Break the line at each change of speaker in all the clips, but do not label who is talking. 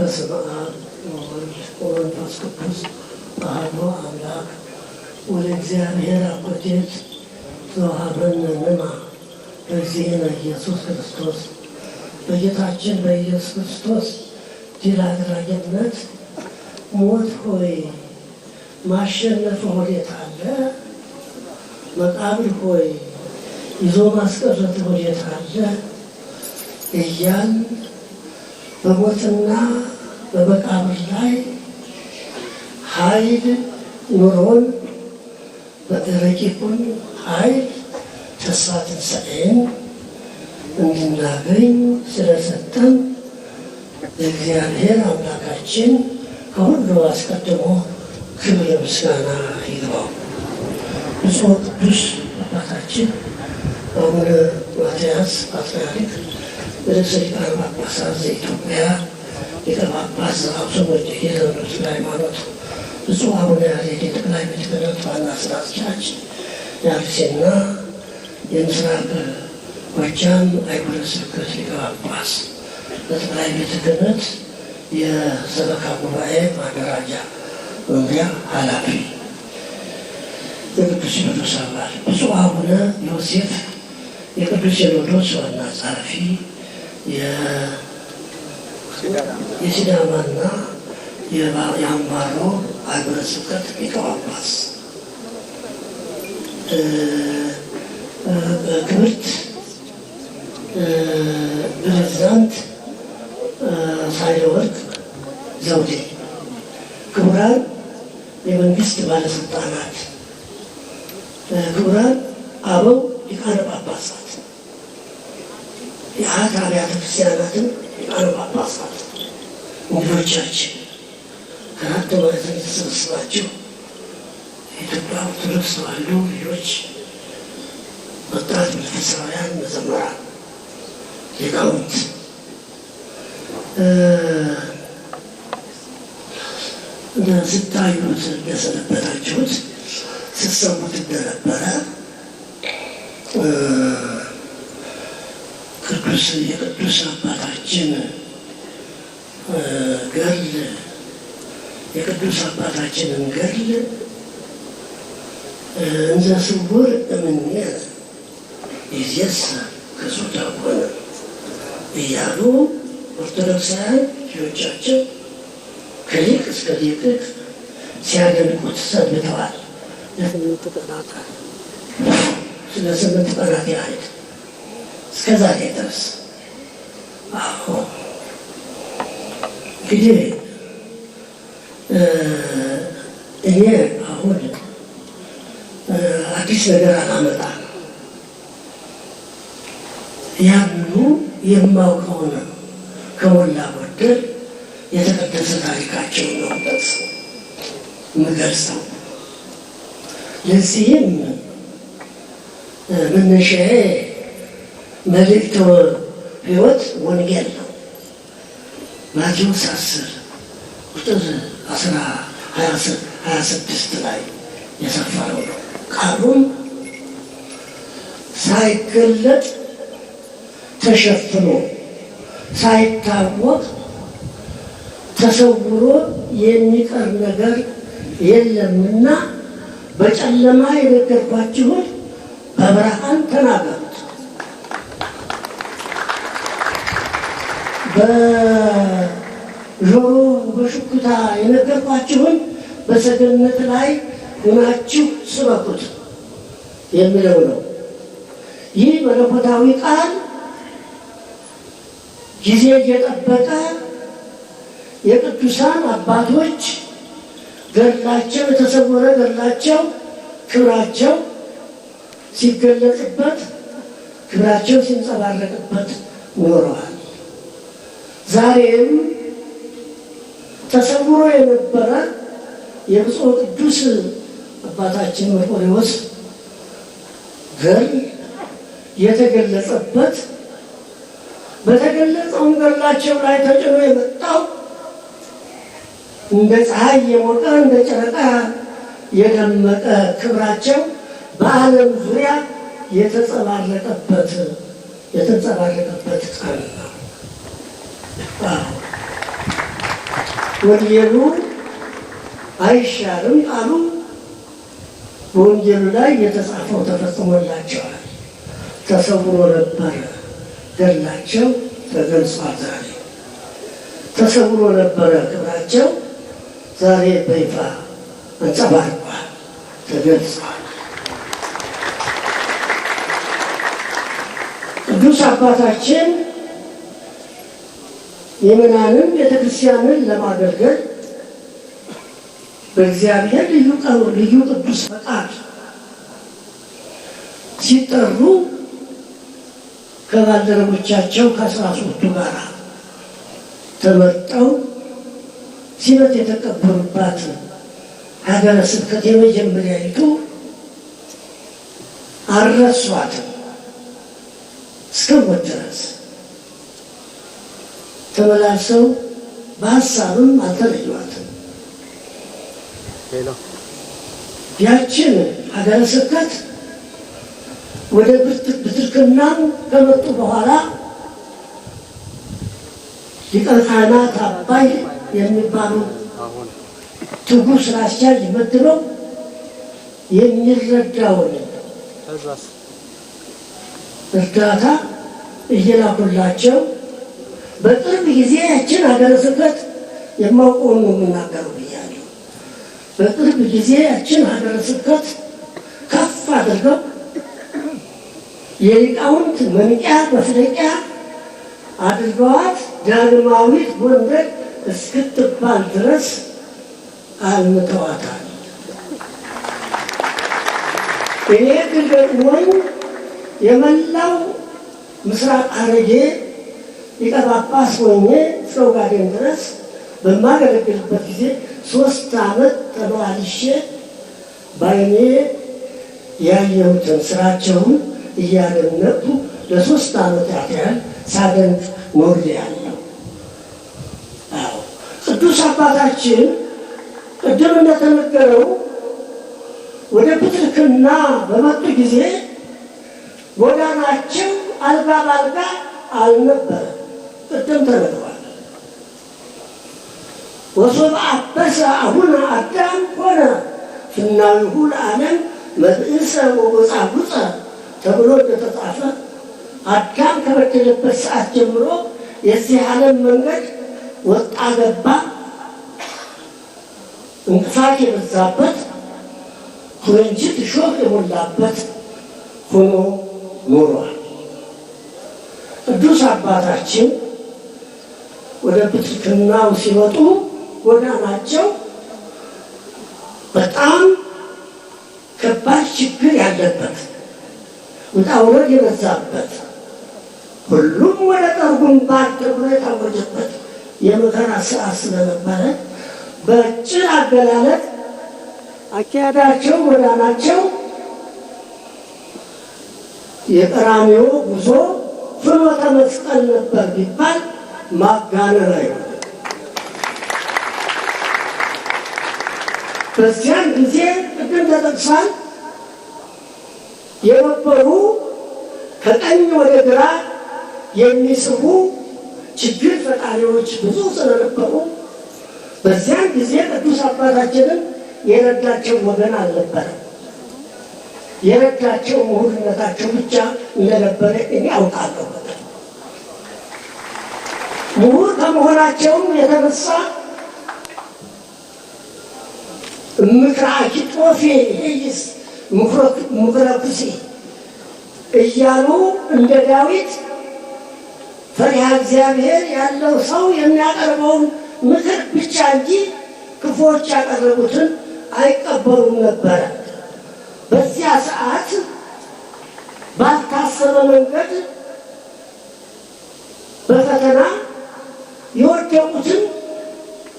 በስመ አብ ወወልድ ወመንፈስ ቅዱስ አሐዱ አምላክ ወደ እግዚአብሔር አቆቴት ዘውሃበንንማ በእግዚእነ ኢየሱስ ክርስቶስ በጌታችን በኢየሱስ ክርስቶስ ድል አድራጊነት ሞት ሆይ ማሸነፍ ወዴት አለ? መቃብር ሆይ ይዞ ማስቀረት ወዴት አለ? እያን በሞትና በመቃብር ላይ ኃይል ኑሮን በደረቂቁን ኃይል ተስፋ ትንሣኤን እንድናገኝ ስለሰጠን ለእግዚአብሔር አምላካችን ከሁሉ አስቀድሞ ክብር ምስጋና ይግባው። ብፁዕ ቅዱስ አባታችን አቡነ ማትያስ ፓትርያርክ ርዕሰ ሊቃነ ጳጳሳት ዘኢትዮጵያ ሊቀ ጳጳስ ዘአክሱም እጨጌ ዘመንበረ ሃይማኖት፣ ብፁዕ አቡነ ያሬድ የጠቅላይ ቤተ ክህነት ዋና ስራ አስኪያጅ፣ የአርሴና የምስራቅ ጎጃም አህጉረ ስብከት ሊቀ ጳጳስ፣ ለጠቅላይ ቤተ ክህነት የሰበካ ጉባኤ ማደራጃ መምሪያ ኃላፊ የቅዱስ ሲኖዶስ አባል፣ ብፁዕ አቡነ ዮሴፍ የቅዱስ ሲኖዶስ ዋና ጸሐፊ የሲዳማና የአማሮ ሀገረ ስብከት ሊቀ ጳጳስ በክብርት ፕሬዝዳንት ሳህለወርቅ ዘውዴ፣ ክቡራን የመንግስት ባለስልጣናት፣ ክቡራን አበው ሊቃነ ጳጳሳት የሀገር አብያተ ክርስቲያናትን ሊቃነ ጳጳሳት ወንድሞቻችን አራት ማለት የተሰበሰባቸው የኢትዮጵያ ኦርቶዶክስ ተዋሕዶ ልጆች፣ ወጣት መንፈሳውያን፣ መዘምራን፣ ሊቃውንት ስታዩት እንደሰነበታችሁት ስትሰሙት እንደነበረ ቅዱስ የቅዱስ አባታችን ገል የቅዱስ አባታችንን ገል እንዘ ስውር እምኔ ይዜሰ ክሱተ ሆነ እያሉ ኦርቶዶክሳውያን ልጆቻችን ከሊቅ እስከ ሊቅ ሲያደንቁት ሰንብተዋል። ስለ ስምንት ቀናት ያህል እስከዛሬ ድረስ እንግዲህ እኔ አሁን አዲስ ነገር አላመጣም። ያሉ የማውቀው ከሞላ ጎደል የተቀደሰ ታሪካቸው ነው ጠቅስ የምገልጸው። ለዚህም መነሻዬ መልእክተ ሕይወት ወንጌል ነው። ማቴዎስ አስር ቁጥር አስራ ላይ የሰፈረው ነው። ቃሉም ሳይገለጥ ተሸፍኖ ሳይታወቅ ተሰውሮ የሚቀር ነገር የለምና በጨለማ የነገርኳችሁን በብርሃን ተናገር በጆሮ በሽኩታ የነገርኳችሁን በሰገነት ላይ ሆናችሁ ስበኩት የሚለው ነው። ይህ መለኮታዊ ቃል ጊዜ እየጠበቀ የቅዱሳን አባቶች ገድላቸው የተሰወረ ገድላቸው ክብራቸው ሲገለጽበት ክብራቸው ሲንጸባረቅበት ኖረዋል። ዛሬም ተሰውሮ የነበረ የብፁዕ ቅዱስ አባታችን መርቆሬዎስ ገር የተገለጸበት በተገለጸውን ገላቸው ላይ ተጭኖ የመጣው እንደ ፀሐይ የሞቀ እንደ ጨረቃ የደመቀ ክብራቸው በዓለም ዙሪያ የተንጸባረቀበት የተንጸባረቀበት ቀን ወንጌሉ አይሻልም አሉ። በወንጌሉ ላይ የተጻፈው ተፈጽሞላቸዋል። ተሰውሮ ነበረ ገድላቸው ተገልጿል። ዛሬ ተሰውሮ ነበረ ክብራቸው ዛሬ በይፋ አንጸባርቋል፣ ተገልጿል። ቅዱስ አባታችን ምዕመናንን ቤተክርስቲያንን ለማገልገል በእግዚአብሔር ልዩ ቀኑ ልዩ ቅዱስ ፈቃድ ሲጠሩ ከባልደረቦቻቸው ከአስራ ሶስቱ ጋር ተመርጠው ሲመት የተቀበሩባት ሀገረ ስብከት የመጀመሪያይቱ አልረሷትም እስከ ሞት ድረስ። ተመላልሰው በሀሳብም አልተለዩዋትም። ያችን ሀገረ ስብከት ወደ ብትርክናም ከመጡ በኋላ ሊቀ ካህናት አባይ የሚባሉ ትጉህ ስራ አስኪያጅ መድበው የሚረዳውን እርዳታ እየላኩላቸው በቅርብ ጊዜ ያችን ሀገረ ስብከት የማውቀውን ነው የምናገረው ብያለሁ። በቅርብ ጊዜ ያችን ሀገረ ስብከት ከፍ አድርገው የሊቃውንት መንቂያ መፍለቂያ አድርገዋት ዳግማዊት ጎንደር እስክትባል ድረስ አልምተዋታል። እኔ ግን ገጥሞኝ የመላው ምስራቅ ሐረርጌ ሊቀ ጳጳስ ሆኜ ሰው ኦጋዴን ድረስ በማገለግልበት ጊዜ ሶስት ዓመት ተመላልሼ በዓይኔ ያየሁትን ስራቸውን እያደነቁ ለሶስት ዓመታት ያህል ሳደንቅ ኖር ያለው ቅዱስ አባታችን ቅድም እንደተነገረው ወደ ፕትርክና በመጡ ጊዜ ጎዳናቸው አልጋ ባልጋ አልነበረም። ቅድም ተነግሯል። ወሶብ አበሰ አሁን አዳም ሆነ ፍናዊሁ ለዓለም መብእሰ ወጎፃጉፀ ተብሎ እንደተጻፈ አዳም ከበደለበት ሰዓት ጀምሮ የዚህ ዓለም መንገድ ወጣ ገባ እንቅፋት የበዛበት ኩርንችት እሾህ የሞላበት ሆኖ ኖሯል። ቅዱስ አባታችን ወደ ብትክናው ሲወጡ ጎዳናቸው በጣም ከባድ ችግር ያለበት ውጣ ውረድ የበዛበት ሁሉም ወደ ቀርቡን ባድ ተብሎ የታወጀበት የመከራ ሰዓት ስለነበረ በአጭር አገላለጥ አካሄዳቸው ጎዳናቸው የቀራንዮ ጉዞ ፍኖተ መስቀል ነበር ቢባል ማጋነን አይሆን። በዚያን ጊዜ ቅድም ተጠቅሷል የነበሩ ከቀኝ ወደ ግራ የሚስቡ ችግር ፈጣሪዎች ብዙ ስለነበሩ በዚያን ጊዜ ቅዱስ አባታችንም የረዳቸው ወገን አልነበረ የረዳቸው ምሁርነታቸው ብቻ እንደነበረ እኔ አውቃለሁ። ከመሆናቸውም የተነሳ ምክረ አኪጦፌ ሄይስ ምክረ እያሉ እንደ ዳዊት ፈሪሃ እግዚአብሔር ያለው ሰው የሚያቀርበውን ምክር ብቻ እንጂ ክፉዎች ያቀረቡትን አይቀበሉም ነበረ። በዚያ ሰዓት ባልታሰበ መንገድ በፈተና የወደቁትን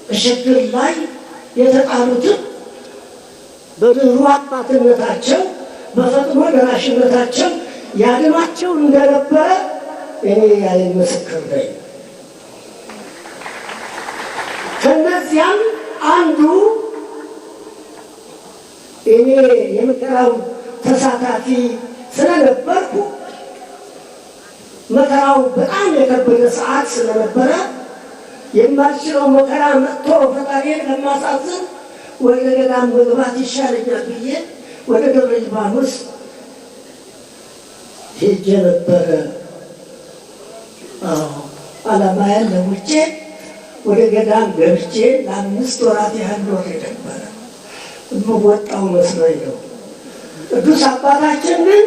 በችግር ላይ የተጣሉትን በድሩ አባትነታቸው በፈጥኖ ደራሽነታቸው ያድናቸው እንደነበረ እኔ ያለ ምስክር ነኝ። ከነዚያም አንዱ እኔ የመከራው ተሳታፊ ስለነበርኩ መከራው በጣም የከበደ ሰዓት ስለነበረ የማልችለው መከራ መጥቶ ፈጣሪን ከማሳዝን ወደ ገዳም መግባት ይሻለኛል ብዬ ወደ ደብረ ሊባኖስ ሄጄ ነበረ። አላማያን ለሙቼ ወደ ገዳም ገብቼ ለአምስት ወራት ያህል ኖሬ ነበረ። የምወጣው መስሎኝ ነው። ቅዱስ አባታችን ግን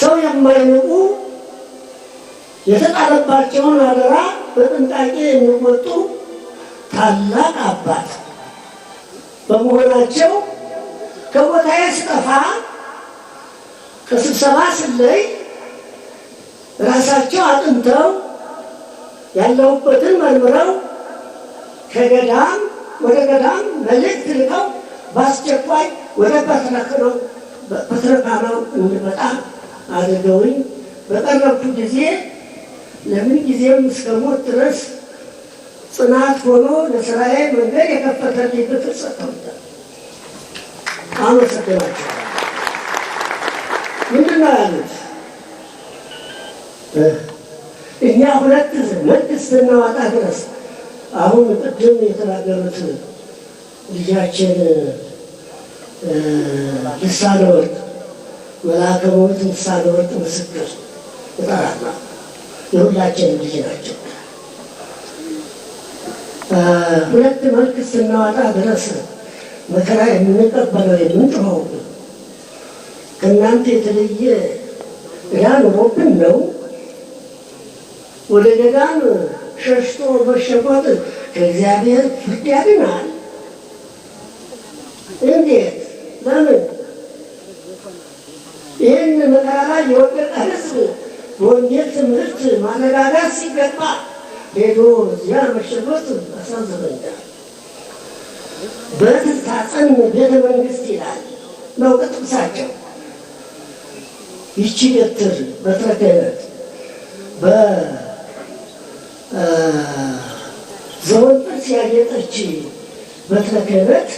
ሰው የማይንቁ የተጣለባቸውን አደራ በጥንቃቄ የሚወጡ ታላቅ አባት በመሆናቸው ከቦታዬ ስጠፋ ከስብሰባ ስለይ ራሳቸው አጥንተው ያለሁበትን መርምረው ከገዳም ወደ ገዳም መልእክት ልከው በአስቸኳይ ወደ ፐትርካነው እንድመጣ አድርገውኝ በቀረብኩ ጊዜ ለምን ጊዜም እስከ ሞት ድረስ ጽናት ሆኖ ለእስራኤል መንገድ የከፈተልኝ ብትር ሰጥተውታል። አመሰግናቸው። ምንድን ነው ያሉት? እኛ ሁለት መንግስት እናዋጣ ድረስ አሁን ቅድም የተናገሩት ልጃችን ልሳነ ወርቅ መልአከ ሞት ልሳነ ወርቅ ምስክር ይጠራናል። የሁላችንም ልጅ ናቸው። ሁለት መልክ ስናወጣ ድረስ መከራ የምንቀበለው የምንጥመው ከእናንተ የተለየ እዳ ኑሮብን ነው። ወደ ገዳም ሸሽቶ መሸቆጥ ከእግዚአብሔር ፍርድ ያድናል። እንዴት? ለምን? ይህን መከራ የወደቀ ህዝብ ወንጌል ትምህርት ማነጋጋት ሲገባ ሄዶ እዚያ መሸመት አሳዝበኛል። በትታፀን ቤተ መንግስት ይላል ነው ቅጥቅሳቸው። ይቺ ገትር በትረ ክህነት በዘወንበር ያጌጠች በትረከነት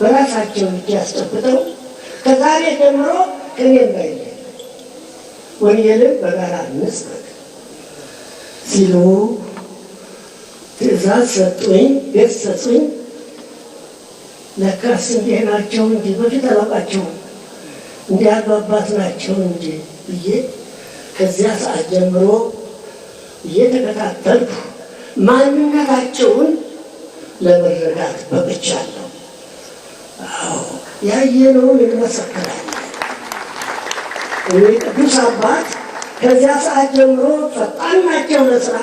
በራሳቸው እጅ ያስጨብጠው ከዛሬ ጀምሮ ከኔ እንዳይለ ወንጌልን በጋራ እንስበክ ሲሉ ትእዛዝ ሰጡኝ፣ ቤት ሰጡኝ። ለካስ እንዲህ ናቸው እንጂ በፊት አላውቃቸውም እንዲህ ያሉ አባት ናቸው እንጂ ብዬ ከዚያ ሰዓት ጀምሮ እየተከታተልኩ ማንነታቸውን ለመረዳት በቅቻለሁ። ያየነውን እንመሰክራለን። ቅዱስ አባት ከዚያ ሰዓት ጀምሮ ፈጣን ናቸው ለስራ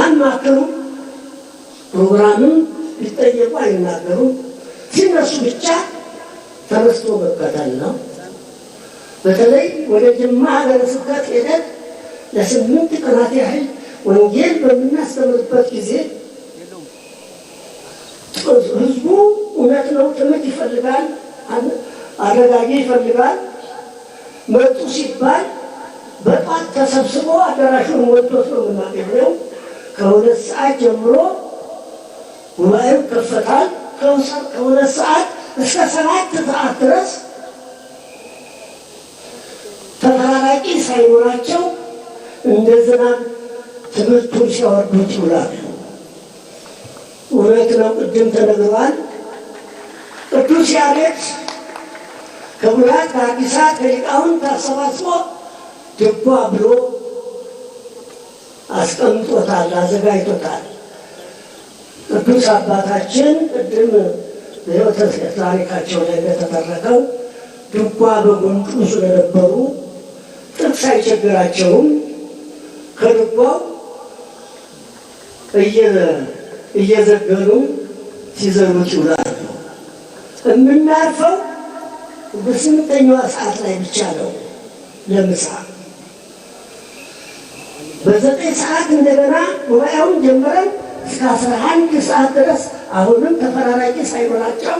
አማክሩ ፕሮግራምም ሊጠየቁ አይናገሩም። ሲነሱ ብቻ ተነስቶ መከተል ነው። በተለይ ወደ ጅማ ሀገረ ስብከት ሄደን ለስምንት ቀናት ያህል ወንጌል በምናስተምርበት ጊዜ ህዝቡ እውነት ነው ትምህርት ይፈልጋል። አረጋጊ ይፈልጋል። መጡ ሲባል በጣም ተሰብስቦ አዳራሹን ወጥቶ ነው የምናገኘው። ከሁለት ሰዓት ጀምሮ ጉባኤው ይከፈታል። ከሁለት ሰዓት እስከ ሰባት ሰዓት ድረስ ተፈራራቂ ሳይኖራቸው እንደ ዝናብ ትምህርቱን ሲያወርዱት ይውላል። እውነት ነው፣ ቅድም ተነግሯል። ቅዱስ ያሬድ ከጉልላት ከአዲሳት ከሊቃውን ተሰባስቦ ድጓ ብሎ አስቀምጦታል፣ አዘጋጅቶታል። ቅዱስ አባታችን ቅድም ታሪካቸው ላይ እንደተተረከው ድጓ በጉንጩ ስለነበሩ ጥቅስ አይቸግራቸውም። ከድጓው እየዘገኑ ሲዘሩት ይውላሉ። የምናርፈው በስምንተኛዋ ሰዓት ላይ ብቻ ነው ለምሳ። በዘጠኝ ሰዓት እንደገና ጉባኤውን ጀምረን እስከ አስራ አንድ ሰዓት ድረስ አሁንም ተፈራራቂ ሳይኖራቸው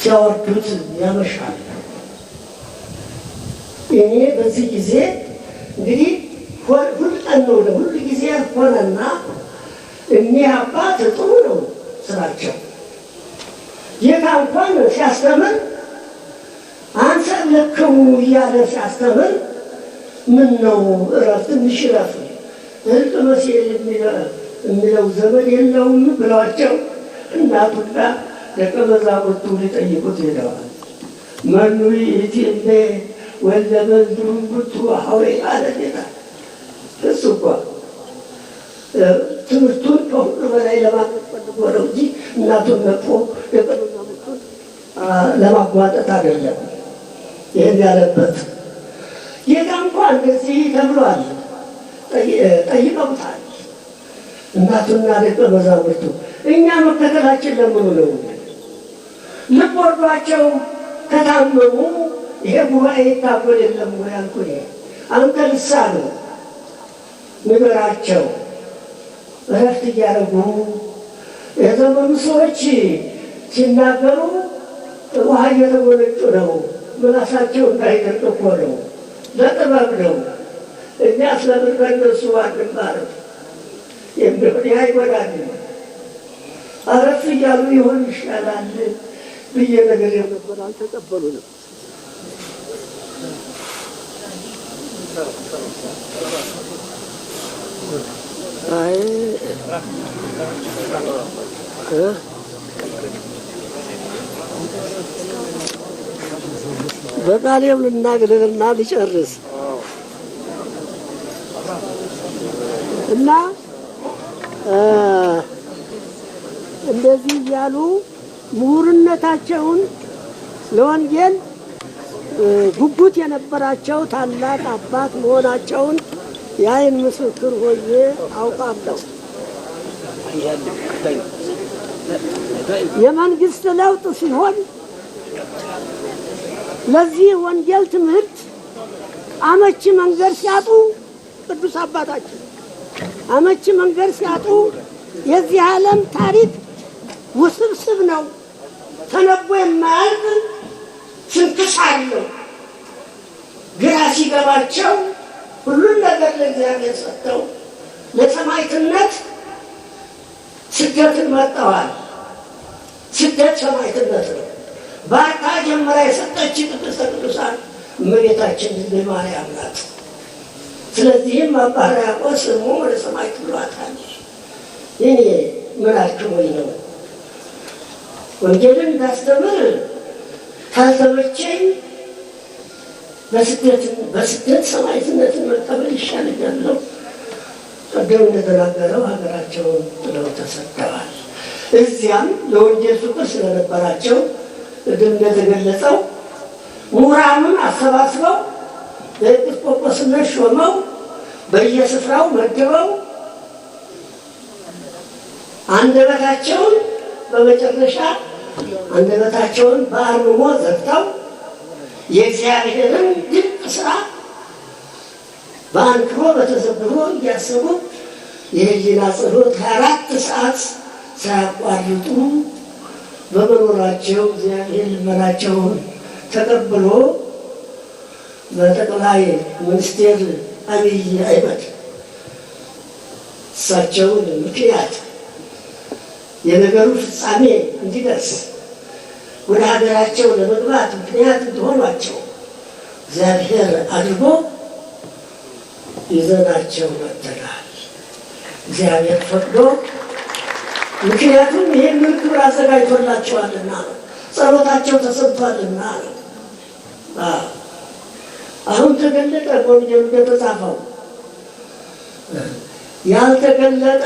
ሲያወርዱት ያመሻል። እኔ በዚህ ጊዜ እንግዲህ ሁልቀን ነው ሁሉ ጊዜ ሆነና እኒህ አባት ጥሩ ነው ስራቸው ጌታ እንኳን ሲያስተምር አንተ ለክሙ እያለ ሲያስተምር ምን ነው እረፍ፣ ትንሽ እረፍ፣ እልቅ መሲል የሚለው ዘመን የለውም ብለዋቸው እናቱና ደቀ መዛሙርቱ ሊጠይቁት ሄደዋል። መኑ ይእቲ ወለመንዱ ወለመንዙ ኩሉ አለ ጌታ እሱ እኳ ትምህርቱን ከሁሉ በላይ ለማለት እንጂ እናቱን መጥፎ የቀኑና አይደለም። ይህን ያለበት ጌታ እንኳ እንደዚህ ተብሏል፣ ጠይቀውታል እናቱና ደቀ መዛሙርቱ። እኛ መከተላችን ለምኑ ነው? ልብ ወርዷቸው ከታመሙ ይሄ ጉባኤ ይታመን የለም ወይ አልኩ። አንተ ልሳ ነው ንገራቸው እረፍት እያደረጉ የዘመኑ ሰዎች ሲናገሩ ውሃ እየተጎነጩ ነው። ምላሳቸው እንዳይደርቅ እኮ ነው። ለጥበብ ነው። እኛ ስለምን በእነሱ አንማርም? የሚሆን አይጎዳል። አረፍ እያሉ ይሆን ይሻላል ብዬ ነገር ነበር። አልተቀበሉንም። አይ በቃሌም ልናገርና ልጨርስ እና እንደዚህ እያሉ ምሁርነታቸውን ለወንጌል ጉጉት የነበራቸው ታላቅ አባት መሆናቸውን የአይን ምስክር ሆኜ አውቃለሁ። የመንግስት ለውጥ ሲሆን ለዚህ ወንጌል ትምህርት አመቺ መንገድ ሲያጡ ቅዱስ አባታችን አመቺ መንገድ ሲያጡ የዚህ ዓለም ታሪክ ውስብስብ ነው፣ ተነቦ የማያልፍ ስንክስ አለው። ግራ ሲገባቸው ሁሉን ነገር ለእግዚአብሔር ሰጥተው ለሰማዕትነት ስደትን መርጠዋል። ስደት ሰማዕትነት ነው። ባርካ ጀምራ የሰጠች ቅድስተ ቅዱሳን እመቤታችን ድንግል ማርያም ናት። ስለዚህም አባ ሕርያቆስ ስሙ ወደ ሰማዕት ብሏታል። ይኔ ምላችሁ ወይ ነው ወንጌልን እንዳስተምር ካልተመቸኝ በስደት ሰማዕትነትን መቀበል ይሻለኛል። ቅድም እንደተናገረው ሀገራቸውን ጥለው ተሰደዋል። እዚያም ለወንጌል ፍቅር ስለነበራቸው ቅድም እንደተገለጸው ምሁራኑን አሰባስበው የኤጲስ ሾመው በየስፍራው መድበው አንደበታቸውን በመጨረሻ አንደበታቸውን በአርምሞ ዘግተው የእግዚአብሔርን ድንቅ ስራ በአንክሮ በተዘብሮ እያሰቡ የህሊና ጸሎት ከአራት ሰዓት ሳያቋርጡ በመኖራቸው እግዚአብሔር ልመናቸውን ተቀብሎ በጠቅላይ ሚኒስቴር አብይ አሕመድ እሳቸውን ምክንያት የነገሩ ፍጻሜ እንዲደርስ ወደ ሀገራቸው ለመግባት ምክንያት እንደሆኗቸው እግዚአብሔር አድርጎ ይዘናቸው መጥተናል። እግዚአብሔር ፈቅዶ ምክንያቱም ይህን ምክብር አዘጋጅቶላቸዋልና ጸሎታቸው ተሰብቷልና ነው። አሁን ተገለጠ። በወንጌሉ እንደተጻፈው ያልተገለጠ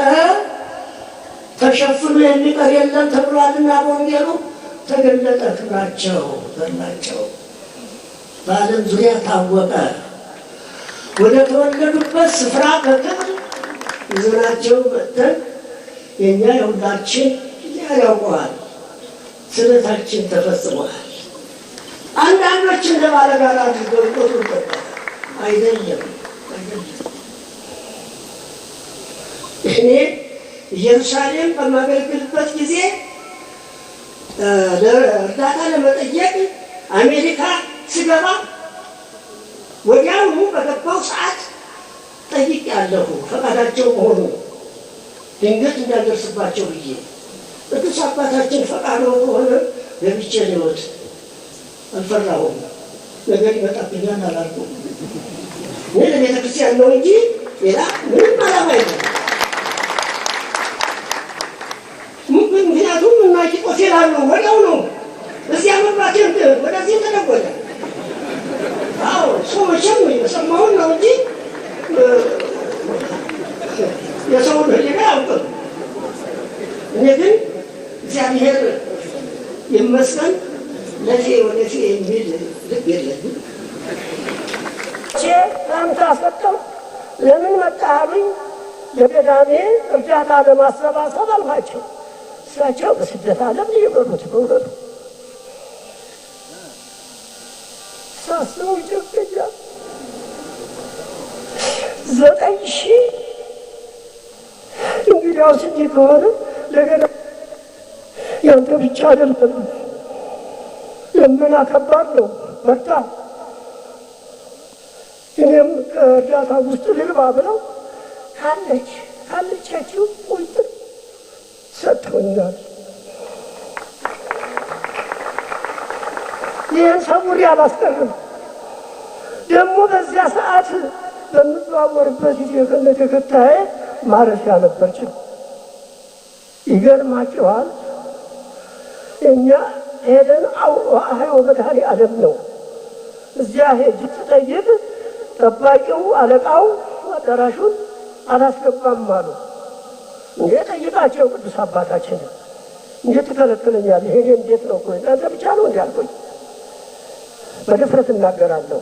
ተሸፍኖ የሚቀር የለም ተብሏልና በወንጌሉ ተገለጠ። ክብራቸው በላቸው በዓለም ዙሪያ ታወቀ። ወደ ተወለዱበት ስፍራ በክብር ይዘናቸው መጥተን የእኛ የሁላችን ያውቀዋል፣ ስለታችን ተፈጽሟል። አንዳንዶች እንደ ባለጋራ አድርገው አይደለም። እኔ ኢየሩሳሌም በማገልግልበት ጊዜ እርዳታ ለመጠየቅ አሜሪካ ስገባ ወዲያውኑ በገባው ሰዓት ጠይቅ ያለሁ ፈቃዳቸው መሆኑ ድንገት እንዳደርስባቸው ብዬ ቅዱስ አባታችን ፈቃዶ ከሆነ ለብቻ ሊወት አልፈራሁም። ነገር ይመጣብኛል አላልኩም። ይህ ለቤተ ክርስቲያን ነው እንጂ ሌላ ምንም አላማ የለም። ምክንያቱም እና ቂጦስ ይላሉ ወዲያው ነው እዚያ መግባቴ ወደዚህ ተለወጠ። ለቀዳሜ እርዳታ ለማሰባሰብ አልኋቸው። እሳቸው በስደት ዓለም ሊበሉት በእውነቱ ሳስበው ይጨንቀኛል። ዘጠኝ ሺህ እንግዲያውስ እንዲህ ከሆነ ለገና ያንተ ብቻ አይደለም። ለምና ከባድ ነው። በርታ። እኔም ከእርዳታ ውስጥ ልግባ ብለው አለች አለቻቸው ቁጥር ሰጥቶኛል። ይህን ሰውሬ አላስቀርም። ደግሞ በዚያ ሰዓት በምዘዋወርበት ጊዜ ከነ ተከታዬ ማረፊያ ነበርችን። ይገርማችኋል እኛ ሄደን አህዮ አለም ነው። እዚያ ሄጅ ትጠይቅ ጠባቂው አለቃው አዳራሹን አላስገባም አሉ። እንዴ ጠይቃቸው ቅዱስ አባታችን እንዴት ትከለክለኛል? ይሄ እንዴት ነው? ቆይ እናንተ ብቻ ነው እንዲያልኩኝ በድፍረት እናገራለሁ።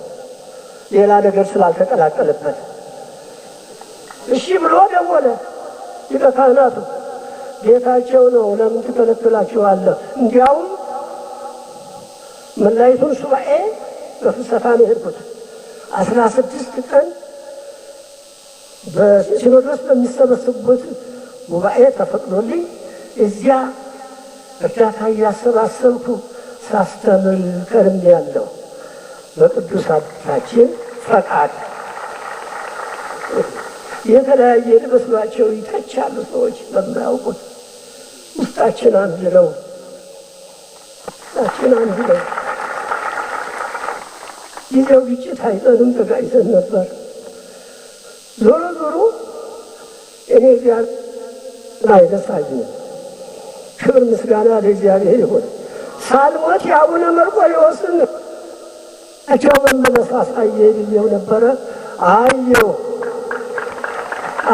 ሌላ ነገር ስላልተቀላቀለበት እሺ ብሎ ደወለ ሊቀ ካህናቱ። ጌታቸው ነው ለምን ትከለክላችኋለህ? እንዲያውም መላይቱን ሱባኤ በፍሰታ ነው የሄድኩት አስራ ስድስት ቀን በሲኖዶስ በሚሰበሰቡበት ጉባኤ ተፈቅዶልኝ እዚያ እርዳታ እያሰባሰብኩ ሳስተምር ከርም ያለው በቅዱስ አባታችን ፈቃድ የተለያየ ሊመስሏቸው ይተቻሉ ሰዎች በማያውቁት ውስጣችን አንድ ነው። ውስጣችን አንድ ነው። ጊዜው ግጭት አይጠንም ተጋይዘን ነበር። ዞሮ ዞሮ እኔ እግዚአብሔር ላይ ደሳኝ ክብር ምስጋና ለእግዚአብሔር ይሁን። ሳልሞት የአቡነ መርቆሬዎስን እቸው በመለስ አሳየ ብዬው ነበረ። አየው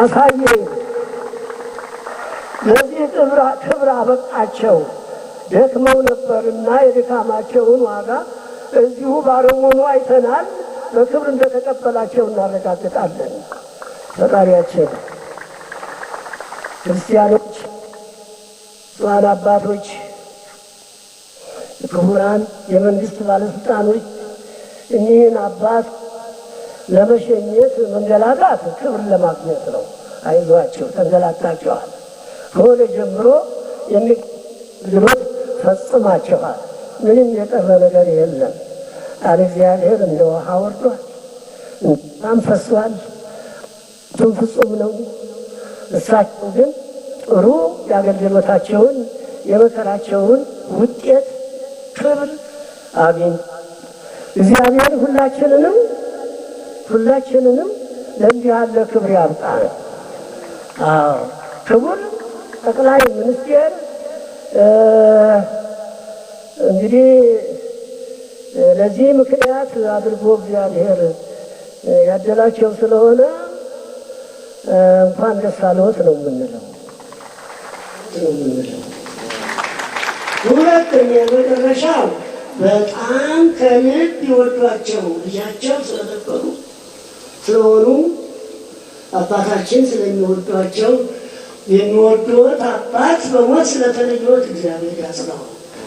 አሳየ። ለዚህ ክብር አበቃቸው። ደክመው ነበርና የድካማቸውን ዋጋ እዚሁ ባረሞኑ አይተናል። በክብር እንደተቀበላቸው እናረጋግጣለን። ፈጣሪያችን ክርስቲያኖች፣ ጽዋን አባቶች፣ ክቡራን የመንግስት ባለስልጣኖች እኒህን አባት ለመሸኘት መንገላታት ክብር ለማግኘት ነው። አይዟቸው፣ ተንገላታቸዋል። ከሆነ ጀምሮ የሚግሎት ፈጽማቸዋል ምንም የቀረ ነገር የለም። ቃል እግዚአብሔር እንደ ውሃ ወርዷል፣ እንጣም ፈሷል። ግን ፍጹም ነው። እሳቸው ግን ጥሩ የአገልግሎታቸውን የመከራቸውን ውጤት ክብር አሜን። እግዚአብሔር ሁላችንንም ሁላችንንም ለእንዲህ ያለ ክብር ያብቃን። አዎ ክቡር ጠቅላይ ሚኒስቴር እንግዲህ ለዚህ ምክንያት አድርጎ እግዚአብሔር ያደላቸው ስለሆነ እንኳን ደስ አለዎት ነው የምንለው። ሁለተኛ የመጨረሻው በጣም ከልብ ይወዷቸው ልጃቸው ስለነበሩ ስለሆኑ አባታችን ስለሚወዷቸው የሚወዱት አባት በሞት ስለተለየዎት እግዚአብሔር ያጽናው፣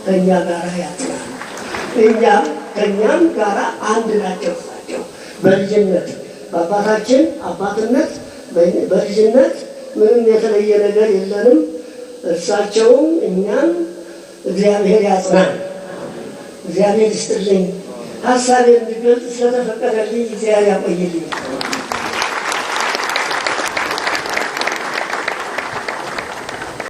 ከእኛ ጋር ያጽናል። እኛ ከእኛም ጋር አንድ ናቸው ናቸው በልጅነት በአባታችን አባትነት በልጅነት ምንም የተለየ ነገር የለንም። እርሳቸውም እኛም እግዚአብሔር ያጽናል። እግዚአብሔር ይስጥልኝ። ሀሳቤ የምገልጽ ስለተፈቀደልኝ እግዚአብሔር ያቆይልኝ።